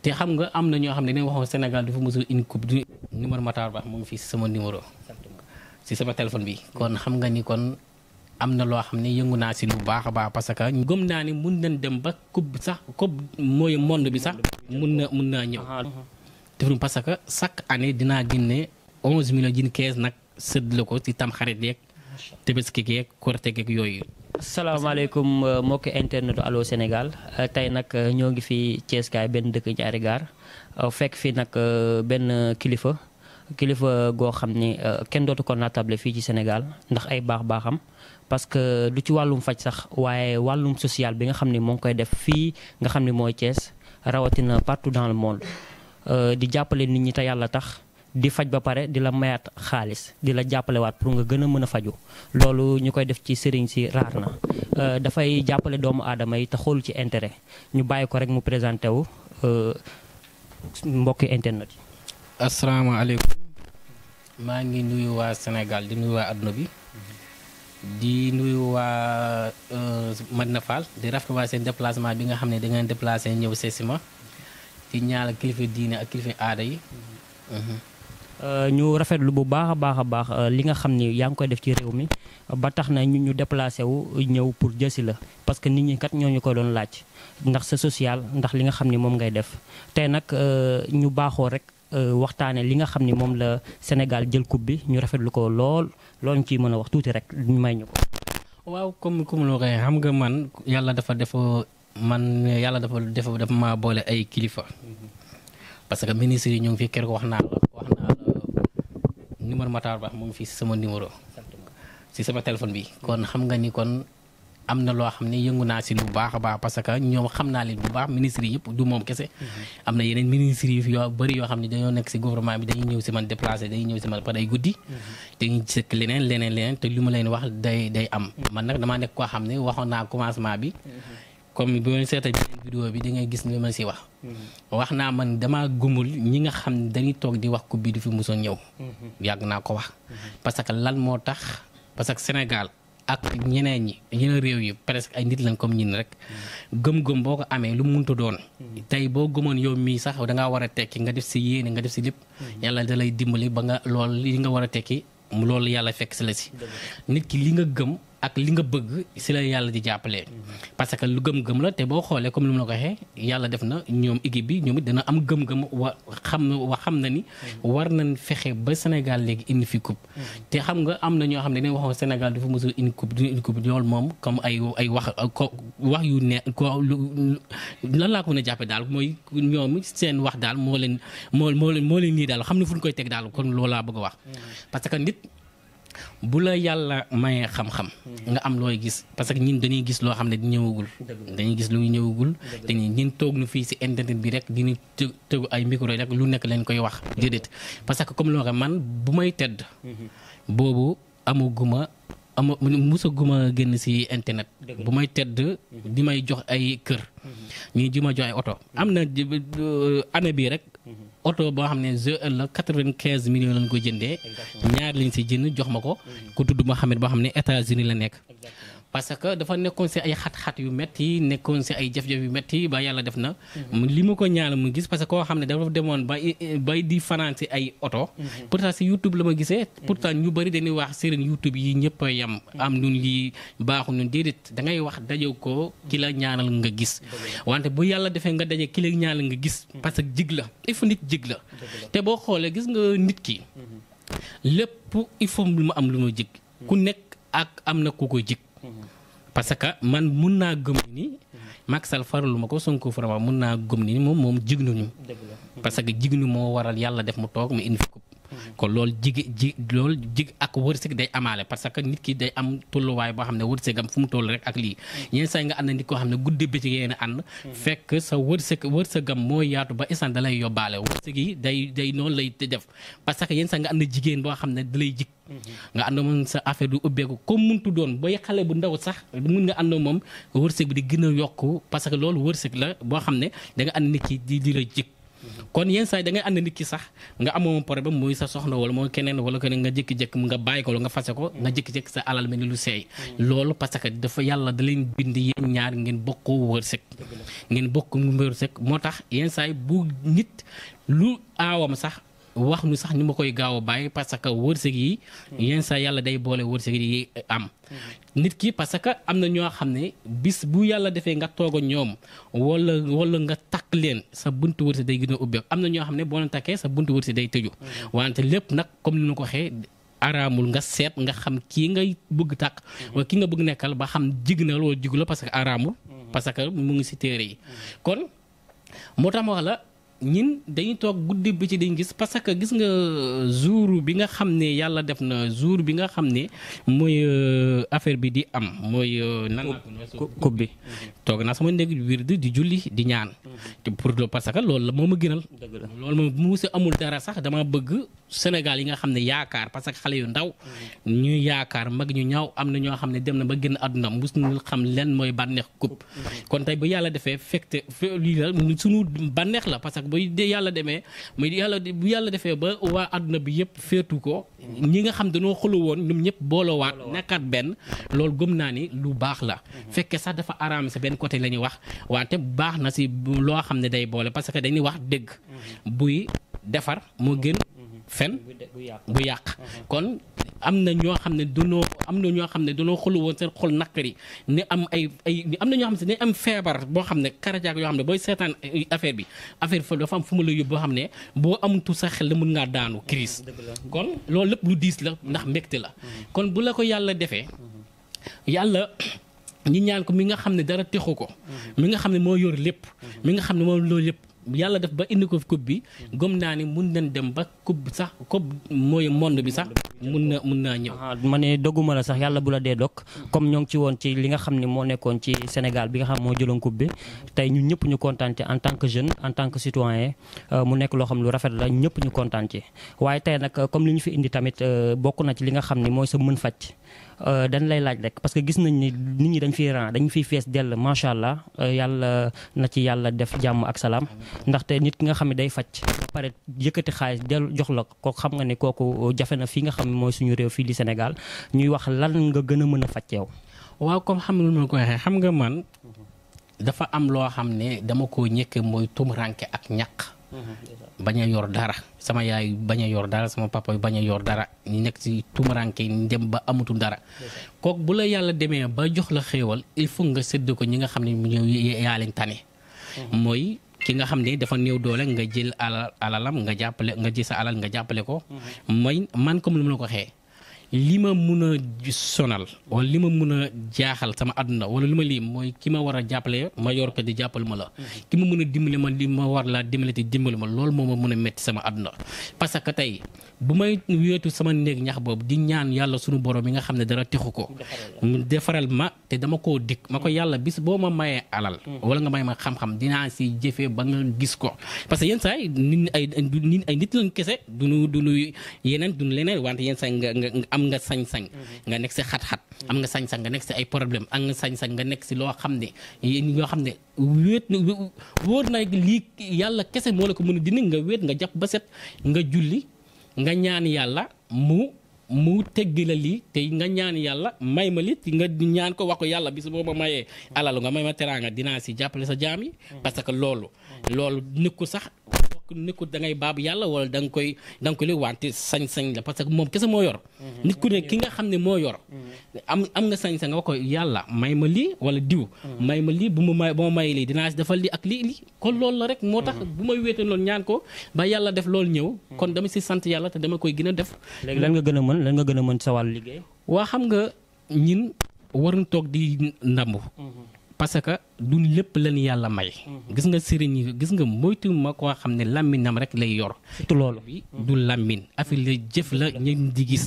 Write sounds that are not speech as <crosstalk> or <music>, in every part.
te xam nga am na ñoo xam ne dañu waxoon Sénégal dafa mosul une coupe du numéro Matar Ba mu ngi fii si sama numéro si sama téléphone bi kon xam nga ni kon am na loo xam ne yëngu naa si lu baax a baax parce que gëm naa ne mun nañ dem ba coupe sax coupe mooy monde bi sax mun na mun naa ñëw def parce que chaque année dinaa génne onze millions jin quinze nag sëdd la ko ci tam xarit yeeg tabaski yeeg korite yooyu salaamaaleykum euh, mbokki internetu Allô Sénégal euh, tey nag euh, ñoo ngi fi Thiès benn dëkk ñaari gaar fekk fi nag benn kilifa kilifa goo xam ni kenn dootu ko naatable fii ci Sénégal ndax ay baax-baaxam parce que du ci wàllum faj sax waaye wàllum social bi nga xam ni moo ngi koy def fii nga xam ni mooy Thiès rawatina partout dans le monde di jàppale nit ñi te yàlla tax. di faj ba pare di la mayaat xaalis di la jàppalewaat pour nga gën a mën a faju loolu ñu koy def ci sëriñ si raar na euh, dafay jàppale doomu aadama yi te xool ci intérêt ñu bàyyi ko rek mu présenté wu euh, mbokki internet yi. asalaamaaleykum maa ngi nuyu waa Sénégal di nuyu waa adduna bi di nuyu waa euh, Madina Fall di rafetlu seen déplacement bi nga xam ne da ngeen déplacé ñëw seesi ma di ñaala kilifa diine ak kilifa aada yi. Mm-hmm. Euh, ñu rafet lu bu baax a baax a baax euh, li nga xam ni yaa ngi koy def ci réew mi ba tax na ñu ñu déplacé wu ñëw pour jësi la parce que nit ñi kat ñoo ñu ko doon laaj ndax sa social ndax li nga xam ni moom ngay def tey nag euh, ñu baaxoo rek. waxtaane li nga xam ni moom la Sénégal jël coupe bi ñu rafetlu ko lool loolu ñu ciy mën a wax tuuti rek ñu may ñu ko. waaw comme comme loo waxee xam nga man yàlla dafa def man yàlla dafa def dafa ma boole ay kilifa. Mm-hmm. parce que ministre yi ñu ngi fi wax numéro Matar Ba mu ngi fii si sama numéro si sama téléphone bi kon xam nga ni kon am na loo xam ne yëngu naa si lu baax a baax parce que ñoom xam naa leen bu baax ministres yi yëpp du moom kese. Mm-hmm. am na yeneen ministres yu yoo bëri yoo xam ne dañoo nekk si gouvernement bi dañuy ñëw si man déplacé dañuy ñëw si man pare ay guddi. Mm-hmm. dañuy sëkk leneen leneen leneen te li ma leen wax day day am. Mm-hmm. man nag damaa nekk koo xam ne waxoon naa commencement bi. comme bi ma seetee beneen vidéo bi di nga gis li ma si wax. wax naa man damaa gumul ñi nga xam dañuy toog di wax ku bii du fi musoon ñëw. yàgg naa ko wax. parce que lan moo tax parce que Sénégal ak ñeneen ñi yeneen réew yi presque ay nit lañ comme ñin rek. gëm-gëm boo ko amee lu mu mënta doon. tey boo gëmoon yow mii sax da ngaa war a tekki nga def si yéene nga def si lépp. yàlla da lay dimbali ba nga lool li nga war a tekki mu yàlla fekk si la si. nit ki ak li nga bëgg si la yàlla di jàppale. parce que lu gëm-gëm la te boo xoolee comme lu mu la ko xee yàlla def na ñoom équipe bi ñoom dana am gëm-gëm wa xam wa xam na ni. war nañ fexe ba Sénégal léegi indi fi coupe. te xam nga am na ñoo xam ne dañuy waxoon Sénégal dafa mosul indi coupe du indi coupe moom comme ay ay wax ko wax yu ne ko lu lan laa ko mën a jàppee daal mooy ñoom seen wax daal moo leen moo moo leen moo leen nii daal xam ne fu ñu koy teg daal kon loolu laa bëgg a wax. Mm-hmm. parce que nit. bu la yàlla mayee xam-xam nga am looy gis parce que ñun dañuy gis loo xam ne di ñëwagul dañuy gis lu ñëwagul dañuy ñun toog nu fii si internet bi rek dinu tëgu ay micro rek lu nekk lañ koy wax déedéet parce que comme loo man bu may tedd boobu amaguma ama musaguma génn si internet bu may tedd di may jox ay kër ñii di ma jox ay oto am na euh, année rek oto boo xam ne GEL la quatre-vingt-quinze millions lañ ko jëndee. ñaar lañ si jënd jox ma ko. Mm-hmm. ku tudd Mohamed boo xam ne États-Unis la nekk. parce que dafa nekkoon si ay xat-xat yu métti nekkoon si ay jaf-jaf yu métti ba yàlla def na. Mhm. li ma ko ñaala mu gis parce que koo xam ne dafa demoon bay bay di fanaan ay oto. Mhm. pourtant si YouTube la ma gisee. Mhm. ñu bëri dañuy wax a daje ko ki ñaanal nga gis. wante bu yàlla defee nga daje ki ñaanal nga gis. parce que jig la il nit jig la. te boo xoolee gis nga nit ki. lépp il lu ma am lu ma jig. ku nekk ak am na ku ko jig. parce que man mun naa gëm ni Macky Sall faraluma ko Sonko faraluma mun naa gëm ni moom moom jignuñu parce que jignu moo waral yàlla def mu toog mu indi kon loolu jigi ji loolu jig ak wërsëg day amaale parce que nit ki day am tolluwaay boo xam ne wërsëgam fu mu toll rek ak lii mm. yenn saa yi nga ànd nit koo xam ne guddi bi ci yéen a ànd mm. fekk sa wërsëg wërsëgam moo jig nga ànd mm-hmm. moom sa affaire du ubbeeku comme muntu doon bay xale bu ndaw sax mun nga ànd moom wërsëg bi di gën a yokk parce que wërsëg la boo xam ne da ànd nit ki di di la jig kon yenn saa yi da ngay ànd nit ki sax nga amoon problème muy sa soxna wala mooy keneen wala keneen nga jékki-jékki nga bàyyi ko nga fase ko nga jékki-jékki sa alal mel ni lu seey mm. loolu parce dafa yàlla da leen bind yéen ñaar ngeen bokkoo wërsëg ngeen bokk wërsëg moo tax yenn saa yi bu nit lu aawam sax wax nu sax ni ma koy gaaw a bàyyi parce wërsëg yi hmm. yenn saa yàlla day boole wërsëg yi am hmm. nit ki parce que am na ñoo xam ne bis bu yàlla defee nga toog a ñoom wala wala nga takk leen sa buntu wërsëg day gën a ubbeeku am na ñoo xam ne boo leen takkee sa buntu wërsëg day tëju hmm. wante lépp nag comme ni ma ko xee araamul nga seet nga xam kii ngay bëgg tàkk wala ki nga bëgg nekkal ba xam jig na loolu jigula parce que araamul parce que mu ngi ci téere yi kon moo tax ñin dañuy toog guddi bi ci dañ gis parce que gis nga euh, jour bi nga xam ne yàlla def na jour bi nga xam ne mooy euh, affaire bi di am mooy. Euh, nan coupe bi mhm. toog naa sama néeg biir di julli di ñaan. Mhm. pour parce que loolu la moo ma gënal. loolu moom mu amul dara sax dama bëgg. Sénégal yi nga xam ne yaakaar parce que xale yu ndaw ñu yaakaar mag ñu ñaaw am na ñoo xam ne dem na ba génn àdduna mus ñu xam leen mooy bànneex coupe kon tey bu yàlla defee fekte lii la suñu bànneex la parce que bu yàlla demee muy yàlla bu yàlla defee ba waa àdduna bi yëpp féetu ko ñi nga xam dañoo xulu woon ñoom ñëpp boolowaat nekkaat benn loolu gëm naa ni lu baax la mhm. fekkee sax dafa araam sa benn côté la ñuy wax wante baax na si loo xam ne day boole parce que dañuy wax dëgg mhm. buy fen bu yàq uh-huh. kon am na ñoo xam ne dunoo am na ñoo xam ne dunoo xolu woon seen xol naqari ni am ay ay am na ñoo xam ne am feebar boo xam ne cardiaque yoo xam ne booy seetaan eh, eh, affaire bi affaire fa dafa am fu mu la yóbbu boo xam ne boo amtu sa xel la mën ngaa daanu crise uh-huh, kon loolu lépp lu diis la uh-huh. ndax mbégte la kon bu la ko yàlla defee yàlla ñi ñaan ko mi nga xam ne dara texu ko mi nga xam ne moo yor lépp mi nga xam ne moom loolu lépp yàlla def ba indi ko coupe bi gëm naa ni mun nañ dem ba coupe sax coupe mooy monde bi sax mun na mun naa ñëw. ma ne dogguma la sax yàlla bu la dee dog comme ñoo ngi ci woon ci li nga xam ne moo nekkoon ci Sénégal bi nga xam moo jëloon coupe bi tey ñun ñëpp ñu kontaan ci en tant que jeune en tant que citoyen euh, mu nekk loo xam lu rafet la ñëpp ñu kontaan ci waaye tey nag euh, comme li ñu fi indi tamit euh, bokk na ci li nga xam ne mooy sa mën faj. Euh, dañ lay laaj rek parce que gis nañ ni nit ñi dañ fiy ran dañ fiy fees dell macha allah euh, yàlla na ci yàlla def jàmm ak salaam ndaxte nit ki nga xam ne day faj pare yëkkati xaalis del jox la ko xam nga ne kooku jafe na fii nga xam mooy suñu réew fii di Sénégal ñuy wax lan nga gën a mën a faj yow. waaw comme xam lu ma ko waxee xam nga man dafa am loo xam ne dama ko ñëkk mooy tumranke ak ñàq Mhm. bañ a yor dara sama yaay bañ a yor dara sama papa bañ a yor dara ñu nekk ci tumaranke ñu ba amatul dara. kooku bu la yàlla demee ba jox la xéewal il faut nga sédd ko ñi nga xam ne ñoo yaa leen tane. Mhm. mooy ki nga xam ne dafa néew doole nga jël alal alalam nga jàppale nga jël sa alal nga jàppale ko. Mhm. mooy man comme lu mu la ko xee. li ma mun a sonal wala li ma mun a jaaxal sama àdduna wala lu ma lii mooy ki ma war a jàppale ma yor ko di jàppal ma la. ki ma mun a dimbale ma li ma war laa dimbali te dimbali ma loolu moo ma mun a métti sama àdduna parce que tey bu may weetu sama néeg ñax boobu di ñaan yàlla sunu borom yi nga xam ne dara texu ko mu defaral ma te dama ko dikk ma ko mm. yàlla bis boo ma mayee alal mm. wala nga may ma xam-xam dinaa si jëfee ba nga gis ko parce que yenn saa yi nit ay nit ay nit lañ kese duñu duñu yeneen duñu leneen wante yenn saa yi nga nga am nga sañ-sañ mm-hmm. nga nekk si xat-xat mm. am nga sañ-sañ nga nekk si ay problème am nga sañ-sañ nga nekk si loo xam ne yoo xam ne wéet wóor na lii yàlla kese moo la ko mën a dindi nga wéet nga jàpp ba set nga julli nga ñaan yàlla mu mu tegg la lii te nga ñaan yàlla may ma lit nga ñaan ko wax ko yàlla bis boo ma mayee alalu nga may ma teraanga dinaa si jàppale sa jaam yi mm. parce que loolu loolu nekkul sax nekkul da ngay baab yàlla wala da nga koy da nga koy léegi wante sañ-sañ la parce que moom kese moo yor. Mm-hmm. nit ku ne ki nga xam ne moo yor. Mm-hmm. am nga sañ-sañ nga wax yàlla may ma lii wala diw. Mm-hmm. may ma lii bu ma may bu ma may lii dinaa defal lii ak lii lii kon loolu la rek moo tax bu may wéete loolu ñaan ko ba yàlla def loolu ñëw. kon dama si sant yàlla te dama koy gën a def. léegi nga gën a mën lan nga gën a mën sa wàllu liggéey. waa xam nga ñin waruñ toog di ndàmb. parce que du lépp lan yàlla may. Mhm. gis nga sëriñ yi gis nga moytu ma koo xam ne làmminam rek lay yor. surtout loolu bi du làmmin affaire la jëf la ñu mhm. di gis.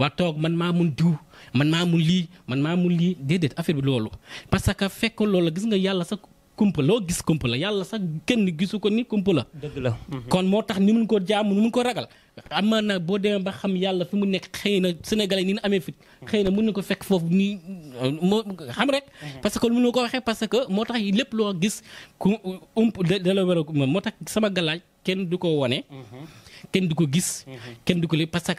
waa toog man maa mun diw man maa mun lii man maa mun lii déedéet affaire bi loolu parce que fekk loolu gis nga yàlla sax. kumpa loo gis kumpa la yàlla sax kenn gisu ko ni kumpa la. dëgg la mhm. kon moo tax ni mun ko jaamu ni mun ko ragal. amaan na boo demee ba xam yàlla fi mu nekk xëy na sénégalais ni ñu amee fit xëy na mun na ko fekk foofu nii xam rek. Mhm. parce que mun na ko waxee parce moo tax lépp loo gis ku ump da la a moo tax sama galaaj kenn du ko wone mhm. kenn du ko gis. kenn du ko li parce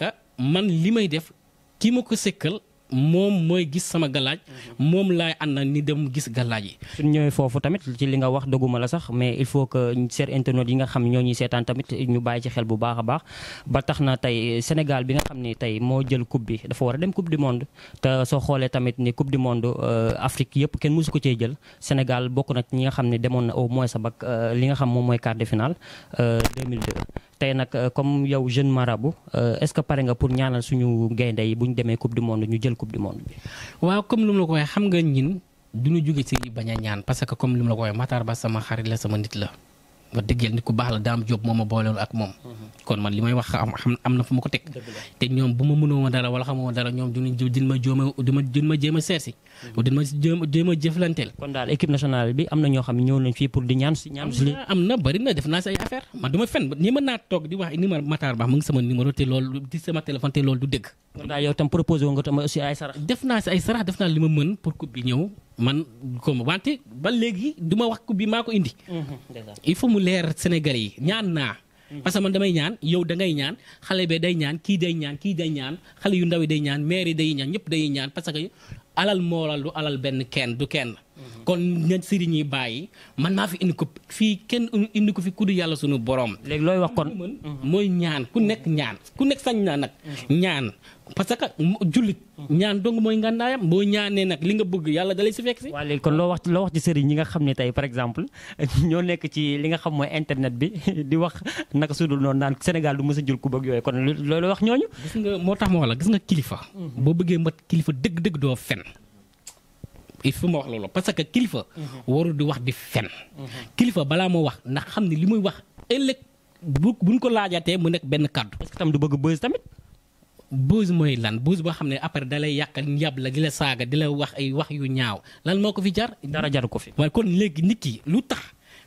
man li may def ki ma ko sëkkal. moom mooy gis sama gallaaj mhm. moom laay ànd na ni dem gis galaaj yi. suñ ñëwee foofu tamit ci li nga wax dëgguma la sax mais il faut que seet internet yi nga xam ñoo ñuy seetaan tamit ñu bàyyi ci bu baax a baax ba tax na tey Sénégal bi nga xam ni tey moo jël coupe bi dafa war a dem coupe du monde te soo xoolee tamit ni coupe du monde euh, Afrique yëpp kenn mosu ko cee jël Sénégal bokk na ñi nga xam ne demoon na au moins sa bak euh, li nga xam moom mooy quart de finale 2002. Euh, tey nag euh, comme yow jeune marabout euh, est-ce que pare nga pour ñaanal suñu gaynde yi bu ñu demee coupe du monde ñu jël coupe du monde bi. waaw comme lu mu la ko xam nga ñin du ñu jóge ci bañ a ñaan parce que comme lu mu la ko waxee Matar Ba sama xarit la sama nit la. wax dëgg yàlla nit ku baax la daam Diop moo ma boolewoon ak moom. kon man li may wax am am na fu ma ko teg. te ñoom bu ma mënoo ma dara wala xamoo ma dara ñoom dinañ ma jooma dinañ ma jéem a ma a a jëflanteel. kon nationale bi am na ñoo xam ñëw nañ fii pour di ñaan si ñaan si. am na bëri na def naa si ay affaire man du fen ni ma naa toog di wax ni ma Matar Ba mu ngi sama numéro te loolu di sama téléphone te loolu du dëgg. kon nga tam si ay sarax man ko ma wante ba léegi du ma wax ko bi maa ko indi. Mhm, il faut mu leer Sénégalais yi ñaan naa. Mhm. parce que man damay ñaan yow da ngay ñaan xale be day ñaan kii day ñaan kii day ñaan xale yu ndaw yi day ñaan maire yi day ñaan ñëpp day ñaan parce que alal moolal du alal benn kenn du kenn. Mm-hmm. kon ña sëriñ yi bàyyi man naa fi indi ko fii kenn indi ko fi ku yàlla sunu boroom léegi looy wax kon mm-hmm. mooy ñaan ku nekk ñaan ku nekk sañ naa nag mm-hmm. ñaan parce que jullit ñaan dong mooy ngàndaayam boo ne nag li nga bëgg yàlla dalay si fekk si waaw léegi kon loo wax loo wax ci sëriñ ñi nga xam ne tey par exemple <laughs> ñoo nekk ci li nga xam mooy internet bi <laughs> di wax naka sudul noonu naan Sénégal du mës a jul ku bëgg yooyu kon loo wax ñooñu moo tax ma wax la gis nga kilifa bëggee mat kilifa dëgg-dëgg doo fen il faut ma wax loolu parce que kilifa. warul di wax di fen. kilifa balaa moo wax ndax xam ne li muy wax ëllëg bu buñ ko laajatee mu nekk benn kàddu. est-ce que tam du bëgg buzz tamit. buzz mooy lan buzz boo xam ne après da lay yàqal yàb la di la saaga di la wax ay wax yu ñaaw lan moo ko fi jar. dara jaru ko fi. waaye kon léegi nit ki lu tax.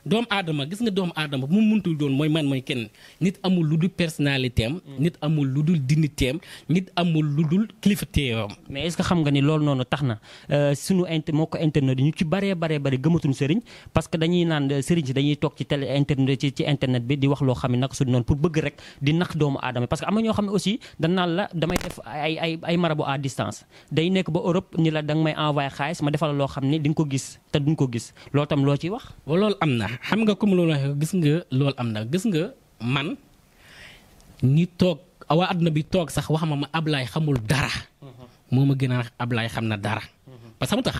doomu aadama gis nga doomu aadama bu mu muntul doon mooy man mooy kenn nit amul lu dul personnalité am mm. nit amul lu dul dignité am nit amul lu dul kilifteewam mais est-ce que xam nga ni loolu noonu tax na euh, suñu int moo ko internet ñu ci baree bari gëmatuñ sëriñ parce que dañuy naan euh, sëriñ si dañuy toog ci télé internet ci ci internet bi di wax loo xam ne nag su noonu pour bëgg rek di nax doomu aadama parce que am na ñoo xam ne aussi dañ naan la damay def ay ay ay marabu à distance day nekk ba Europe ni la danga may envoyé xaalis ma defal loo xam ne di nga ko gis te duñ ko gis loolu loo ciy wax loolu am na xam nga comme loolu waxee gis nga lool am na gis nga man ñi toog waa àdduna bi toog sax wax ma ma ablaay xamul dara moo ma gën a Ablaye xam na dara parce que mu tax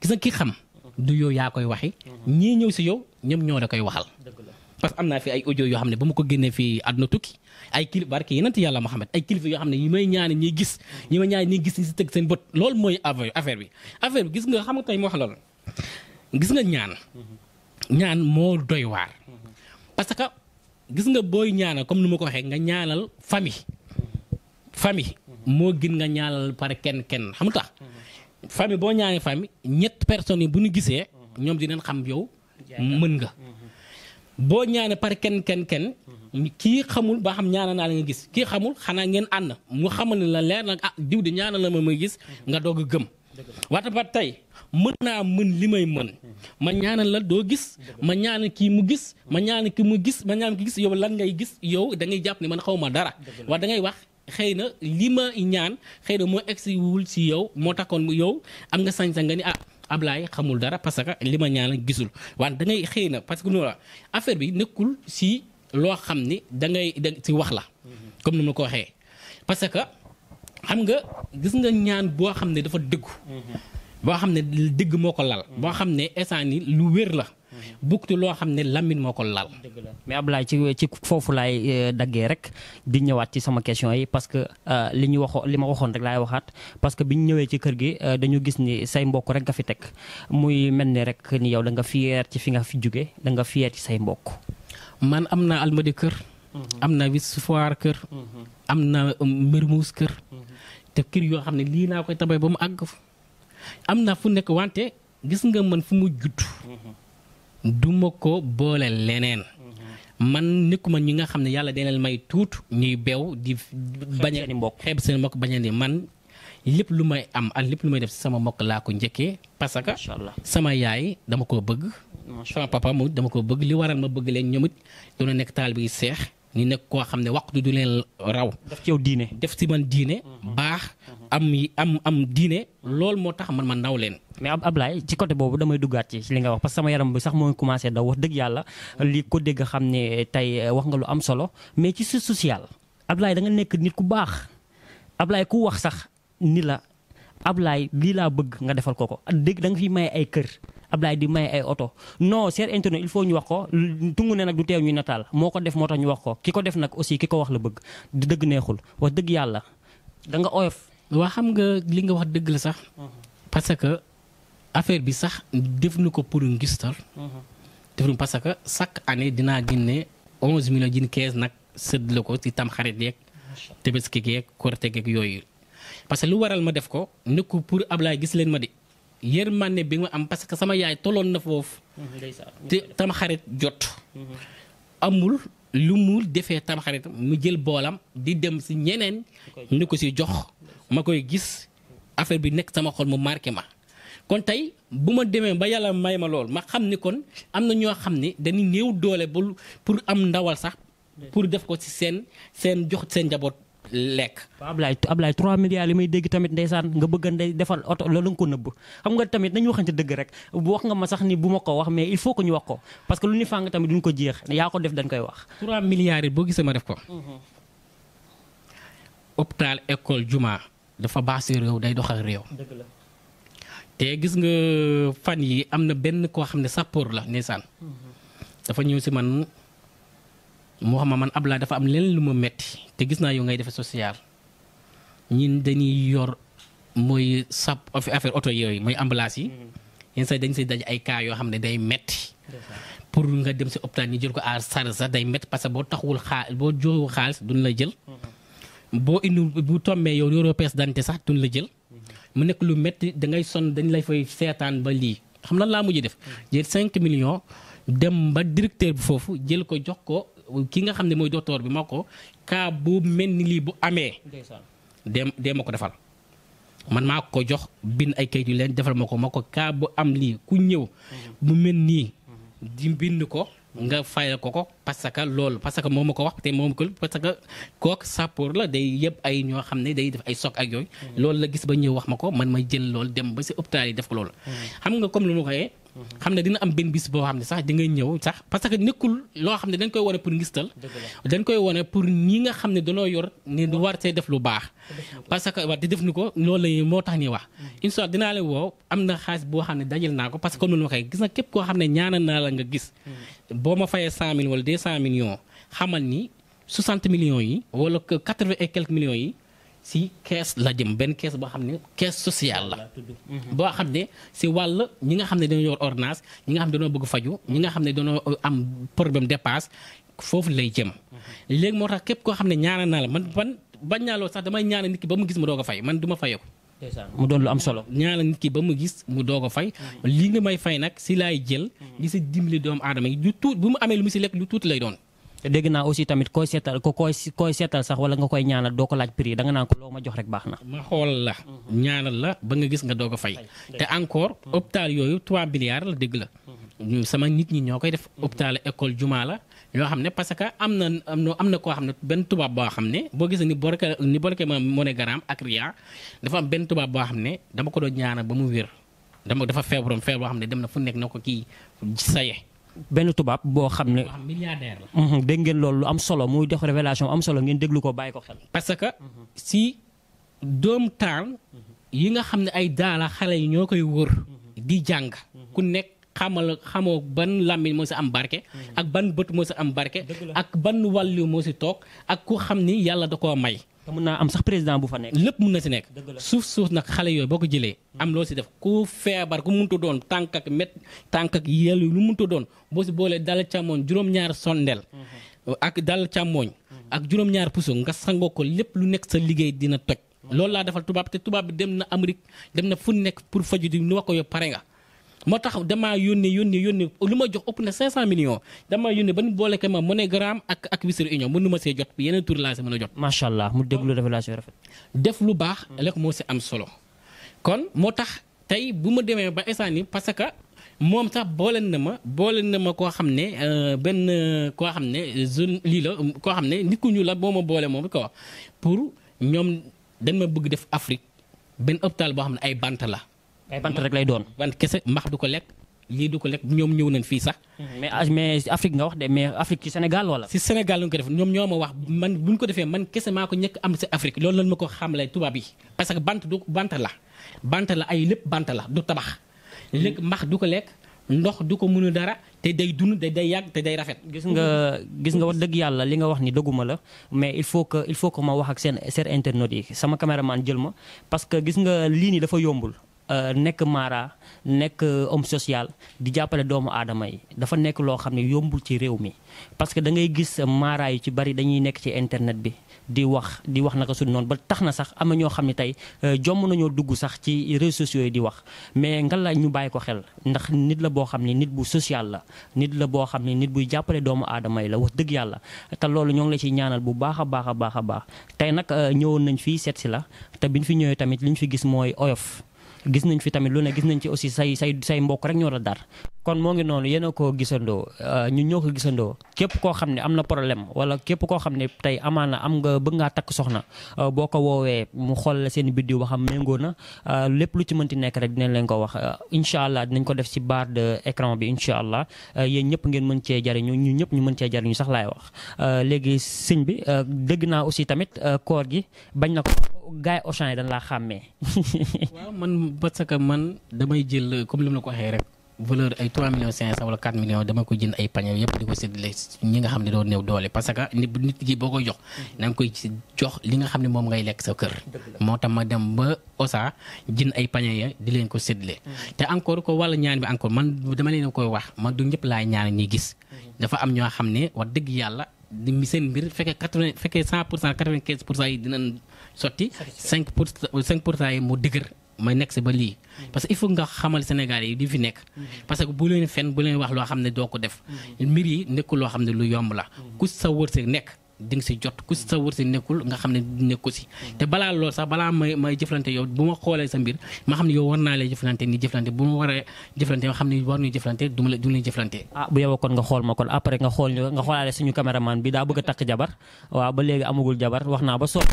gis nga ki xam du yow yaa koy waxi ñii ñëw si yow ñoom ñoo da koy waxal parce que am naa fi ay audio yoo xam ne ba ma ko génnee fii àdduna tukki ay kilifa barke yeneen yàlla Muhammad ay kilifa yoo xam ne yi may ñaani ñuy gis ñi may ñaani ñuy gis ñi si teg seen bët loolu mooy affaire bi affaire bi gis nga xam nga tey moo wax loolu gis nga ñaan mm-hmm. ñaan moo doy waar parce que gis nga booy ñaanal comme ni ma ko waxee nga ñaanal fami famille moo gin nga ñaanal pare kenn kenn xam tax famille boo ñaanee famille ñett personnes yi bu ñu gisee ñoom dinañ xam yow mën nga boo ñaanee pare kenn kenn kenn kii xamul ba xam ñaanal naa la nga gis kii xamul xanaa ngeen ànd mu xamal ne la leer nag ah diw di ñaanal la ma ma gis nga doog a gëm waata ba tey mën naa mën li may mën ma ñaana la doo gis ma ñaana kii mu gis ma ñaanal ki mu gis ma ñaanal ki gis yow lan ngay gis yow da ngay jàpp ni man xaw ma dara wax da ngay wax xëy na li ma ñaan xëy na moo egsi wul si yow moo taxoon yow am nga sañ nga ni ah Ablaye xamul dara parce que li ma ñaanal gisul wante da xëy na parce que noonu la bi nekkul si loo xam ni da ngay si wax la mm-hmm. comme ni ma ko waxee parce que xam nga gis nga ñaan boo xam ne dafa dëggu boo xam ne dëgg moo ko lal boo xam ne instant lu wér la bukti loo xam ne Lamine moo ko lal mais Abdoulaye ci ci foofu laay euh, daggee rek di ñëwaat ci sama question yi parce que euh, li ñu waxo li ma waxoon rek laay waxaat parce que bi ñu ñëwee ci kër gi euh, dañu gis ni say mbokk rek nga fi teg muy mel ni rek ni yow danga nga ci fi nga fi jóge da nga fier ci say mbokk man am na almadi kër mm-hmm. am na wis foire kër mm-hmm. am um, te kër yoo xam ne lii naa koy tabax ba mu àgg fa am na fu nekk wante gis nga mën fu mu judd du ma ko boole leneen man nekkuma ñi nga xam ne yàlla dina may tuut ñuy beew di bañ a xeeb seen mbokk bañ a man lépp lu may am al lépp lu may def si sama mbokk laa ko njëkkee parce que sama yaay dama koo bëgg sama papa dama koo bëgg li waral ma bëgg leen ñoom it nekk taal bi seex ñu nekk koo xam ne waxtu du leen raw. def ci yow diine def ci man diine. Mhm. baax mhm. am am am diine. Mhm. loolu moo tax man ma ndaw leen. mais ab Ablaye ci côté boobu damay duggaat ci li nga wax parce que sama yaram bi sax moo ngi commencé daw dëgg yàlla lii ko dégg xam ne tey eh, wax nga lu am solo mais ci social. Ablaye da nga nekk nit ku baax Ablaye ku wax sax ni la ab Ablaye lii laa bëgg nga defal ko ko dégg da nga fi may ay kër. Ablaye di maye ay oto non cher internet il faut ñu wax ko tungu ne nag du teew ñuy nataal moo ko def moo tax ñu wax ko ki ko def nag aussi ki ko wax la bëgg di dëgg neexul wax dëgg yàlla da nga oyof. waa xam nga li nga wax dëgg la sax. parce que affaire bi sax def na ko pour ngistal. def na parce que chaque année dinaa génne onze millions jën quinze nag sëdd la ko ci tam xarit yeeg. tëbës ki yooyu. parce lu waral ma def ko nekku pour Ablaye gis leen ma yërmande bi ma am parce que sama yaay toloon na foofu. Mhm, te tamxarit jot. Mhm. amul lu mu defee tamxarit mu jël boolam di dem si ñeneen. ñu ko si jox ma koy gis affaire bi nekk sama xol mu marqué ma. kon tey bu ma demee ba yàlla may ma lool ma xam ni kon am na ñoo xam ni dañuy néew doole bul pour am ndawal sax. pour def ko ci seen seen jox seen njaboot. lekk. Ablaye Ablaye 3 milliards li may dégg tamit ndeysaan nga bëgg ndey defal oto loolu nga ko nëbb xam nga tamit nañu waxante dëgg rek wax nga ma sax ni bu ma ko wax mais il faut que ñu wax ko parce que lu ñu fàng tamit duñ ko jeex yaa ko def dañ koy wax. 3 milliards yi boo gisee ma def ko. Mhm. hôpital école juma dafa baax si réew day doxal réew. te gis nga fan yi am na benn koo xam ne sappoor la ndeysaan. Mhm. dafa ñëw si man. moo xam man Ablaye dafa am leneen lu ma metti te gis naa yow ngay defe social ñun dañuy yor mooy sab affaire oto yooyu mooy ambulance yi. Mm-hmm. yenn saa dañ say daj ay cas yoo xam ne day metti pour nga dem si hôpital ñu jël ko à charge sax day metti parce que boo taxawul xaal la jël. Mm-hmm. boo indi bu tombee yow yoroo pièce d'identité sax duñ la jël. Mm-hmm. mu nekk lu metti dangay sonn dañ lay fay seetaan ba lii xam na laa mujj def. jël 5 millions dem ba directeur bi foofu jël ko jox ko. ki nga xam ne mooy docteur bi moo ko cas bu mel ni lii bu amee. dem dee ma ko defal. man maa ko jox bind ay kayit yu leen defal ma ko ma ko cas bu am lii ku ñëw. Mhm. mu mel nii. Mhm. di bind ko. nga fayal ko ko parce que loolu parce que moom ma ko wax te moom ko parce que kook sappoor la day yëpp ay ñoo xam ne day def ay soog ak yooyu. Mhm. loolu la gis ba ñëw wax ma ko man ma jël loolu dem ba si hôpital yi def ko loolu. xam nga comme lu ma ko waxee xam ne dina am benn bis boo xam ne sax di ñëw sax parce nekkul loo xam ne dañ koy wane pour ngistal dañ koy wane pour ñi nga xam ne danoo yor ne du war see def lu baax parce que wax di def ni ko loolu moo tax ñuy wax mm. inshallah dinaa la woo am na xaalis boo xam ne dajal naa ko parce que comme noonu waxee gis na képp koo xam ne ñaanal naa la nga gis mm. boo ma fayee cent mille wala deux cent millions yi wala quatre-vingt yi si kees la jëm benn kees boo xam ne kees sociale la. boo xam ne si wàll ñi nga xam ne dañoo yor ordonnance ñi nga xam ne dañoo bëgg faju ñi nga xam ne dañoo uh, am problème dépasse foofu lay jëm. Mm-hmm. léegi moo tax képp koo xam ne ñaana naa la man man bañ naa loolu sax damay ñaana nit ki ba mu gis mu doog a fay man du ma fayoo. mu doon lu am solo. ñaana nit ki ba mu gis mu doog a fay. Mm-hmm. li nga may fay nag si laay jël. Mm-hmm. di si dimbali doomu aadama yi lu tuut bu mu amee lu mu tuuti doon. dégg naa aussi tamit koy seetal ko koy koy seetal sax wala nga koy ñaanal doo ko laaj prix danga naan ko loo ma jox rek baax na. ma xool la. Mhm. ñaanal la ba nga gis nga doo ko fay. te encore mhm. hôpital yooyu 3 milliards la dégg la. Mhm. sama nit ñi ñoo koy def. hôpital école juma la. yoo xam ne parce que am na am na koo xam ne benn tubaab boo xam ne boo ne ni borke ni borke ma MoneyGram ak Ria dafa am benn tubaab boo xam ne dama ko doon ñaanal ba mu wér dama dafa feebaroon feebar boo xam ne dem na fu nekk na ko kii saye benn tubaab boo xam ne. milliardaire mhm, dégg ngeen loolu lu am solo muy jox révélation am solo ngeen déglu ko bàyyi ko xel. parce que si doom taal yi nga xam ne ay daala xale yi ñoo koy wër. di jàng ku nekk xamal xamoo ban làmmiñ moo si am barke. ak ban bët moo si am barke. ak ban wàllu moo si toog ak ku xam ni yàlla da ko may. te mën naa am sax président bu fa nekk. lépp mën na si nekk. suuf suuf nag xale yooyu boo ko jëlee. am loo si def ku feebar ku muntu doon tànk ak met tànk ak yelu lu muntu doon boo si boolee dal càmmoñ juróom-ñaar sondel mhm. ak dal càmmoñ. Mhm. ak juróom-ñaar puso nga sangoo ko lépp lu nekk sa liggéey dina toj. Mhm. loolu laa defal tubaab te tubaab dem na Amérique dem na fu nekk pour faju di nu wax ko yow pare nga. moo tax damaa yónni yónni yónni lu ma jox ëpp na 500 millions damaa yónni ba ñu boole ko ma MoneyGram ak ak Western Union mënu ma see jot yeneen tur laa si mën a jot. macha allah mu déglu révélation rafet. def lu baax. Hmm. rek moo si am solo. kon moo tax tey bu ma demee ba instant nii parce que moom sax booleen na ma booleen na ma koo xam ne euh, benn euh, koo xam ne zone lii la koo xam ne nit ku ñu la boo ma boole moom ko pour ñoom dañ ma bëgg def Afrique benn hôpital boo xam ne ay bant la. ay eh, bant rek lay doon. bant kese max du ko lekk lii du ko lekk ñoom ñëw ma wax man la bant ay lépp bant la du tabax. lekk max du ko lekk. ndox du ko mënu dara te day dund te day yàgg te day rafet. gis nga gis nga wax dëgg yàlla li nga wax ni dëgguma la mais il faut que il faut que ma wax ak seen seen internautes yi sama caméraman jël ma parce gis nga lii nii dafa yombul. Euh, nekk maara nekk om social di jàppale doomu aadama yi dafa nekk loo xam ne yombul ci réew mi parce que da ngay gis maara yu ci bari dañuy nekk ci internet bi di wax di wax naka su noonu ba tax na sax am na ñoo xam ne tey euh, jomm nañoo dugg sax ci réseaux sociaux yi di wax mais nga la ñu bàyyi ko xel ndax nit la boo xam ne nit bu social la nit la boo xam ne nit buy jàppale doomu aadama yi la wax dëgg yàlla te loolu ñoo ngi la ciy ñaanal bu baax a baax a baax a baax tey nag euh, ñëwoon nañ fii seet la te biñ fi ñëwee tamit liñ fi gis mooy oyof gis nañ fi tamit lu ne gis nañ ci aussi say say say mbokk rek ñoo la dar kon moo ngi noonu yéen a koo gisandoo euh, ñu ñoo ko gisandoo képp koo xam ne am na problème wala képp koo xam ne tey amaana am nga bëgg ngaa takk soxna euh, boo ko woowee mu xool la seen biddiw ba xam méngoo na euh, lépp lu ci mënti nekk rek dinañ leen ko wax incha allah dinañ ko def si barre de écran bi incha allah yéen ñëpp ngeen mën cee jariñu ñu ñëpp ñu mën cee jariñu sax laay wax léegi sëñ bi dégg naa aussi tamit koor gi bañ na ko gaay Auchan yi dañ laa xàmmee. <laughs> waaw man parce que man damay jël comme li ma la ko waxee rek. valeur ay 3 millions 500 wala 4 millions dama ko jënd ay pañe yëpp koy jox mm. ay pañe ya di leen ko séddale mm. te encore ko wala ñaan bi encore man dama leen koy wax man du ñëpp laay ñaan ñi gis mm. dafa am ñoo xam ne wax dëgg yàlla di seen mbir fekkee quatre vingt fekkee cent pour cent pour cent yi dinañ sotti. cinq pour cinq pour cent yi mu dëgër may nekk si ba lii. Mm-hmm. parce que il faut nga xamal Sénégal yi di fi nekk. Mm-hmm. parce que bu leen fen bu leen wax loo xam ne doo ko def. Mm-hmm. mbir yi nekkul loo xam ne lu yomb la. ku sa wërsëg nekk. di si jot ku sa wër si nekkul nga xam ne nekku si te balaa loolu sax balaa may may jëflante yow bu ma xoolee sa mbir ma xam ne yow war naa lay jëflante ni jëflante bu ma waree jëflante yoo xam ne war ñu jëflante du la du la jëflante ah bu yow kon nga xool ma kon après nga xool nga xoolaale suñu caméraman bi daa bëgg a takk jabar waaw ba léegi amagul jabar wax naa ba soog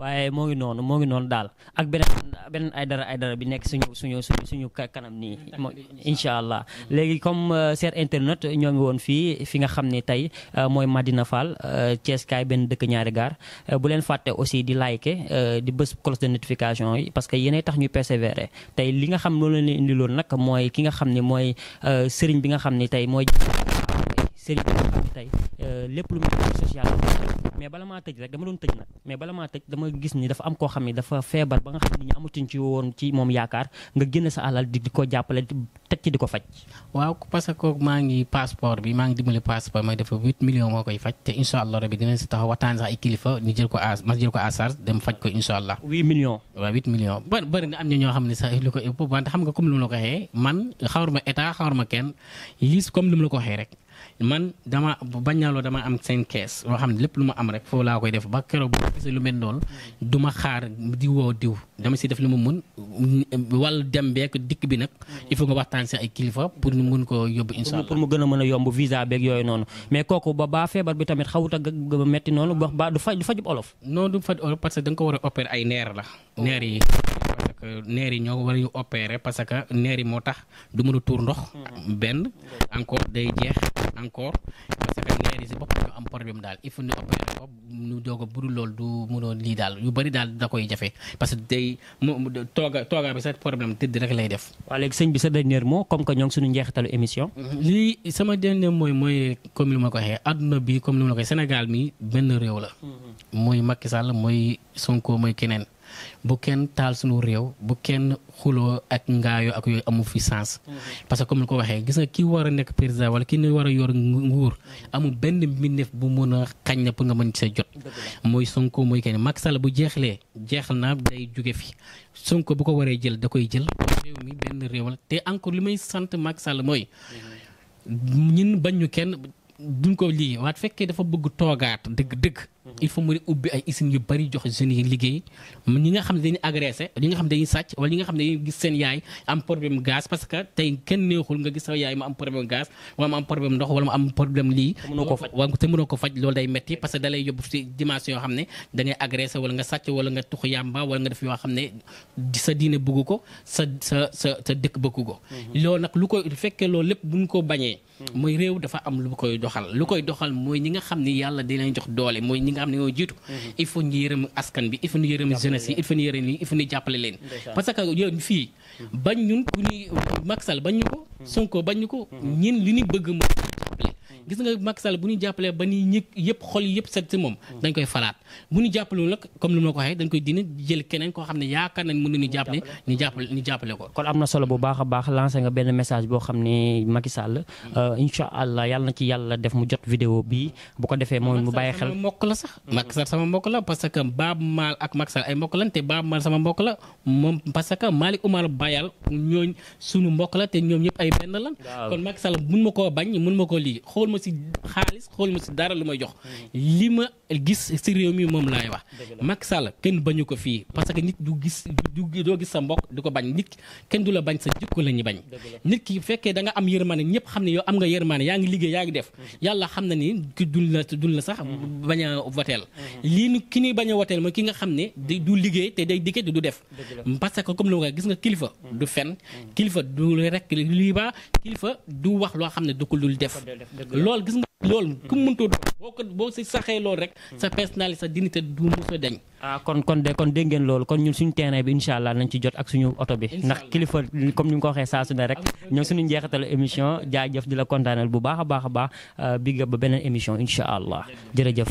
waaye moo ngi noonu moo ngi noonu daal ak beneen beneen ay dara ay dara bi nekk suñu suñu suñu suñu kanam nii incha allah léegi comme euh, seen internet ñoo ngi woon fii fi nga xam ni tey euh, mooy Madina Fall euh, Thiès benn dëkk ñaari gaar bu leen fàtte aussi di liker di bës cloche de notification yi parce que yéenay tax ñu persévérer tey li nga xam loolu leen indiloon nag mooy ki nga xam ni mooy sëriñ bi nga xam ni tey mooy série bi nga xam tey euh, lépp lu muy social mais bala maa tëj rek dama doon tëj nag mais bala maa tëj dama gis ni dafa am koo xam ne dafa feebar ba nga xam ne ñoo xam ne sax wante xam nga comme lu ma la ko waxee man xawar ma état xawar ma kenn liis comme lu ma la ko waxee rek man dama bañ naa loo dama am seen kees loo xam ne lépp lu ma am rek foofu laa koy def ba keroog bu gisee lu mel noonu di dama si def li ma mën wàllu dem beek dikk bi nag il faut nga waxtaan si ay kilifa pour ñu mën ko yóbbu mu gën a mën a yomb visa beeg yooyu noonu mais kooku ba baa feebar bi tamit xawut a metti noonu ba du faj du fajub olof non du faj olof parce que da ko war a ay neer la neer yi Euh, neer yi ñoo war ñu opérer parce que neer yi moo tax du mën a tuur ndox mhm. benn encore day jeex encore parce que neer si bopp ñu am problème daal il faut ñu opérer ko ñu doog a budul loolu du mënoon lii daal yu bari daal da koy jafe parce que day mu tooga toogaa bi sax problème tëdd rek lay def waa léegi sëñ bi sa dernier moo comme que ñoo ngi suñu njeexitalu émission mhm. lii sama dernier mooy mooy comme li ma ko waxee adduna bi comme li ma la ko Sénégal mi benn réew la mhm. mooy Macky Sall mooy Sonko mooy keneen bu kenn taal suñu réew bu kenn xuloo ak ngaayoo ak yooyu amu fi sens mhm. parce que comme ni ko waxee gis nga ki war a nekk président wala ki ne war a yor nguur mhm. amul benn mbindeef bu mën a xañ na pour nga mën ci sa jot mooy Sonko mooy kenn Macky Sall bu jeexlee jeexal na day jóge fi Sonko bu ko waree jël da koy jël réew mi benn réewal te encore li may sant Macky Sall mooy mhm. ñun bañ ñu kenn duñ ko lii waat fekkee dafa bëgg toogaat dëgg dëgg il faut mu ubbi ay usines yu bari jox jeunes yi liggéey ñi nga xam ne dañuy agressé ñi nga xam ne dañuy gis seen yaay am problème gaz parce tey kenn neexul nga gis yaay mu am problème gaz wala mu am problème ndox wala mu am problème lii sa diine bëgg ko sa sa sa dëkk bëgg ko mhm. loolu nag lu ko fekkee loolu lépp buñ ko bañee mhm. mooy réew dafa am lu koy doxal lu koy doxal mooy ñi nga xam ne yàlla di jox doole mooy ñi nga nga xam ne ñoo jiitu mhm. il faut ñu yërëm askan bi il faut ñu yërëm jeunesse yi il faut ñu yërëm yi il faut ñu jàppale leen parce fii mhm. bañ ñun ku ñuy Macky bañ ko mhm. Sonko bañ ko ñin li ñu bëgg mooy gis nga Macky Sall bu ñu jàppalee ba ni ñi yëpp xol yëpp set si moom. dañ koy falaat bu ñu jàppale nag comme lu xam ne yaakaar nañ mën nañu kon am a baax lancé euh, yàlla def mu jot vidéo bi bu ko defee moom mu bàyyi xel. sama la sax Macky Sall sama la parce que Baaba Maal ak Macky Sall ay mbokk lan te Baaba Maal sama mbokk la moom parce que Malick Oumar Bayal ñooñ suñu mbokk la te ñoom ñëpp ay benn lan mun ma koo bañ mun ma koo lii xool ma si xaalis xool ma si dara lu may jox li ma gis si réew mi moom laay wax Macky Sall kenn bañu ko fii parce que nit du gis du doo gis sa mbokk di ko bañ nit kenn du la bañ sa jikko la bañ nit ki fekkee da nga am yërmande ñëpp xam ne yow am nga yërmande yaa ngi liggéey yaa ngi def mhm. yàlla xam na ni ki dul la dul la sax mhm. bañ a woteel mhm. lii ni ki ñuy bañ a woteel mooy ki nga xam ne du liggéey te day dikkee te du def parce comme lu nga gis nga kilifa du fen kilifa du rek lii kilifa du wax loo xam ne du ko dul loolu gis nga lool ku mu mënta doon boo ko boo si saxee loolu rek sa personnalité sa dignité du mos a deñ ah kon kon de kon dégg ngeen loolu kon ñun suñu terrain bi incha allah nañ ci jot ak suñu oto bi ndax kilifa comme ni nga ko waxee saa su ne rek ñoom suñu njeexatal émission jaajëf di la kontaanal bu baax a baax a baax ah, bi nga ba beneen émission incha allah jërëjëf